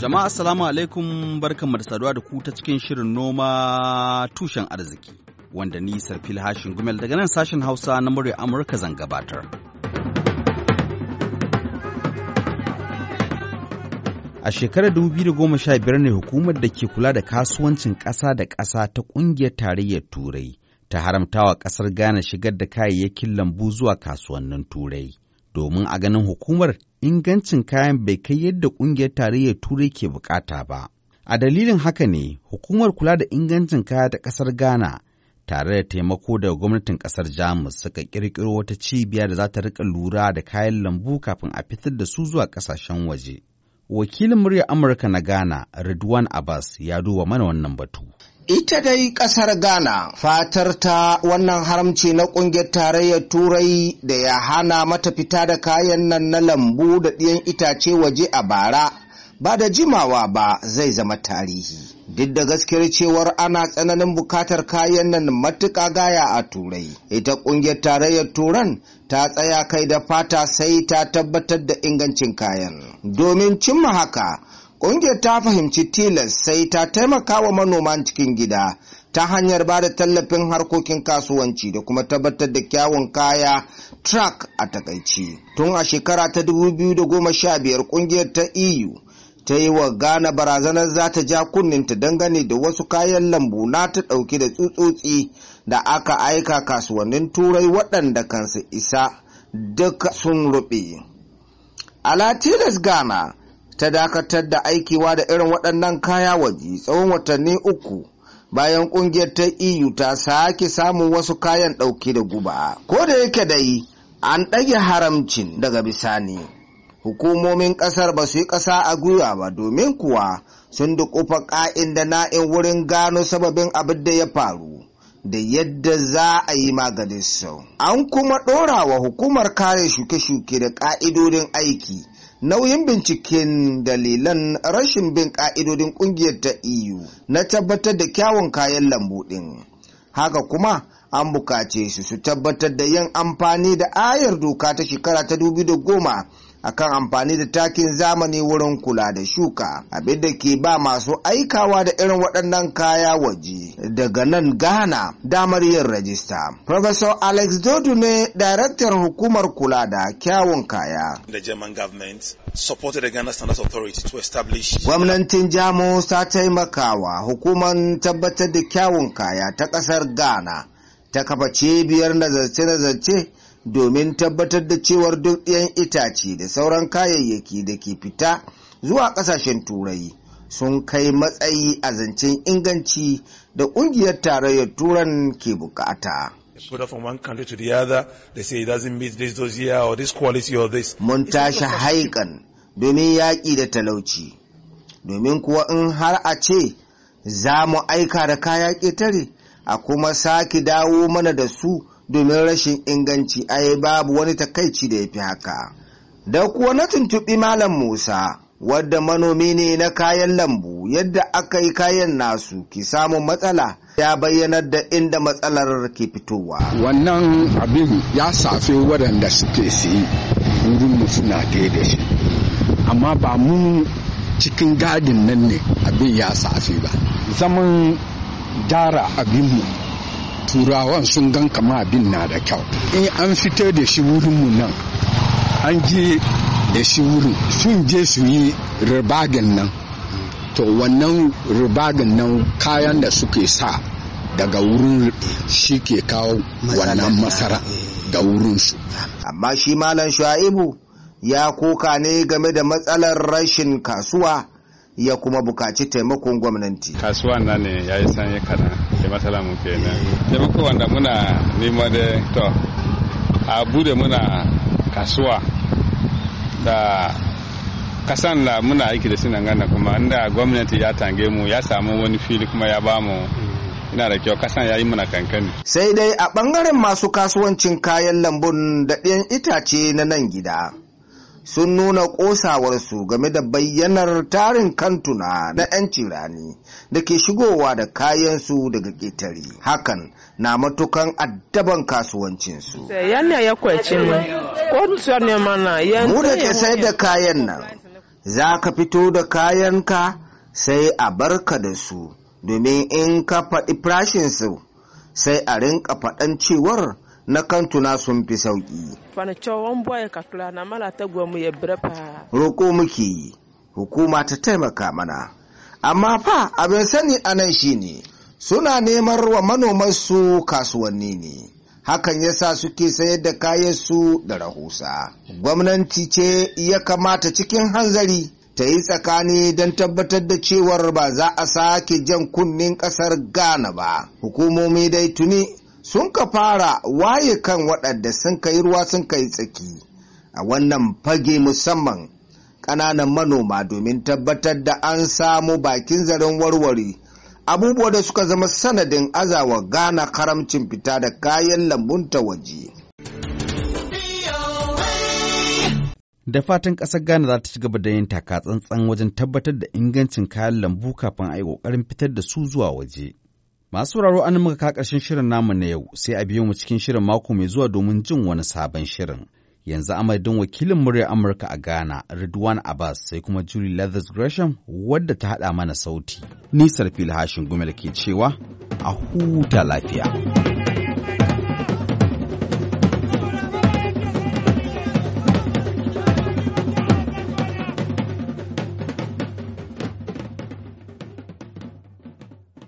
Jama'a assalamu alaikum barkanmu da saduwa da ku ta cikin shirin noma tushen arziki wanda ni Sarfil Hashin Gumel daga nan sashen Hausa na murya Amurka zan gabatar. A shekarar 2015 ne hukumar da ke kula da kasuwancin ƙasa da ƙasa ta ƙungiyar tarayyar Turai ta haramtawa ƙasar Ghana shigar da kayayyakin lambu zuwa kasuwannin Turai. Domin a ganin hukumar ingancin kayan bai kai yadda kungiyar tarayyar Turai ke bukata ba. A dalilin haka ne, hukumar kula da ingancin kaya ta ƙasar Ghana tare da taimako daga gwamnatin ƙasar Jamus suka ƙirƙiro wata cibiya da za ta riƙa lura da kayan lambu kafin a fitar da su zuwa ƙasashen waje. Wakilin muryar Amurka na Ghana, Ridwan Abbas, ya duba mana wannan batu. Ita dai ƙasar Ghana fatar ta wannan haramci na ƙungiyar tarayyar Turai da ya hana mata fita da kayan nan na lambu da ɗiyan itace waje a bara ba da jimawa ba zai zama tarihi. duk da gaskiyar cewar ana tsananin bukatar kayan nan matuƙa gaya a turai ita ƙungiyar tarayyar turan ta tsaya kai da fata sai ta tabbatar da ingancin kayan domin cimma haka Ƙungiyar ta fahimci tilas sai ta taimaka wa manoman cikin gida ta hanyar ba da tallafin harkokin kasuwanci da kuma tabbatar da kyawun kaya track a takaici. Tun a shekara ta 2015 ƙungiyar ta EU ta yi wa Ghana barazanar za ta ja kunninta dangane da wasu kayan lambu na ta ɗauki da tsutsotsi da aka aika kasuwannin turai waɗanda kansu isa duk sun ruɓe. A Latinas Ghana ta dakatar da aikiwa da irin waɗannan kaya waje tsawon watanni uku bayan ƙungiyar ta eu ta sake samun wasu kayan ɗauke da guba ko da yake dai an ɗage haramcin daga bisani hukumomin ƙasar ba su yi ƙasa a gwiwa ba domin kuwa sun dukufa ƙa'in da na'in wurin gano sababin abin da ya faru da yadda za a yi maganin sau an kuma ɗora wa hukumar kare shuke-shuke da ƙa'idodin aiki nauyin binciken dalilan rashin bin ƙa'idodin ƙungiyar ta EU na tabbatar da kyawun kayan lambu ɗin. Haka kuma an bukace su su tabbatar da yin amfani da ayar doka ta shekara ta 2010 akan amfani da takin zamani wurin kula da shuka abinda ke ba masu aikawa da irin waɗannan kaya waje daga nan ghana damar yin rajista professor alex dodu ne daraktar hukumar kula da kyawun kaya gwamnatin jamus ta taimakawa hukumar tabbatar da kyawun kaya ta ƙasar ghana ta kafa cibiyar nazarce-nazarce domin tabbatar da cewar duk ɗayan itace da sauran kayayyaki da ke fita zuwa ƙasashen turai sun kai matsayi a zancen inganci da ƙungiyar tarayyar turan ke bukata. Mun tashi haikan domin yaƙi da talauci, domin kuwa in har a ce za mu aika da kaya ƙetare a kuma sake dawo mana da su domin rashin inganci ai babu wani takaici da ya fi haka da kuwa na tuntuɓi malam musa wadda manomi ne na kayan lambu yadda aka yi kayan nasu ki samun matsala ya bayyanar da inda matsalar ke fitowa wannan abin ya safe waɗanda suke siyi wurin mu suna da shi amma ba mu cikin gadin nan ne abin ya safe ba zaman dara abinmu turawan sun gan kama abin na da kyau in an fito da shi wurin mu nan an je da shi wurin sun je su yi ribagan nan to wannan ribagan nan kayan da suke sa daga wurin shi ke kawo wannan masara ga wurin su. amma shi malam shu'aibu ya koka ne game da matsalar rashin kasuwa ya kuma bukaci taimakon gwamnati kasuwa na ne ya yi sanye kana da matsala mu kenan taimako wanda muna nema da to a bude muna kasuwa da kasan da muna aiki da sinan gana kuma inda gwamnati ya tange mu ya samu wani fili kuma ya bamu ina da kyau kasan ya yi muna kankani. Sai dai a ɓangaren masu kasuwancin kayan lambun da ɗiyan itace na nan gida. sun nuna ƙosawarsu game da bayyanar tarin kantuna na 'yanci rani da ke shigowa da kayansu daga ƙetare hakan na matukan addaban kasuwancinsu eh, mu da ke sai da kayan nan za ka fito da kayan ka sai a barka da su domin in ka faɗi farashinsu sai a rinka faɗan cewar na kantuna sun fi sauƙi. Roƙo muke yi, hukuma ta taimaka mana. Amma fa abin sani a nan shi ne, suna neman wa su kasuwanni ne. Hakan yasa suke sayar da kayansu da rahusa. Gwamnati ce ya kamata cikin hanzari ta yi tsakani don tabbatar da cewar ba za a sake jan kunnen ƙasar Ghana ba. Hukumomi dai tuni sun ka fara waye kan waɗanda sun ka yi ruwa sun ka yi tsaki a wannan fage musamman ƙananan manoma domin tabbatar da an samu bakin zaren warware abubuwa da suka zama sanadin azawa gana karamcin fita da kayan lambun ta waje. da fatan ƙasar Ghana za ta ci gaba da yin taka tsantsan wajen tabbatar da ingancin kayan lambu kafin a yi ƙoƙarin fitar da su zuwa waje. Masu sauraro an muka ka ƙarshen shirin namu na yau sai a biyo mu cikin shirin mako mai zuwa domin jin wani sabon shirin. Yanzu amadin wakilin murya Amurka a Ghana, Ridwan Abbas sai kuma Julie Leathers Gresham wadda ta haɗa mana sauti. Nisar fil hashin gumel ke cewa a huta lafiya.